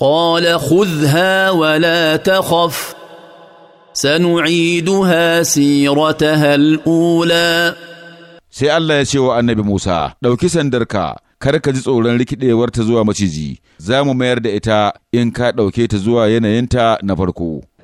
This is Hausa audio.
قال خذها ولا تخف سنعيدها سيرتها الأولى sai Allah ya ce wa annabi Musa, ɗauki sandarka, kar ka ji tsoron ta zuwa maciji, za mu mayar da ita in ka ɗauke ta zuwa yanayinta na farko.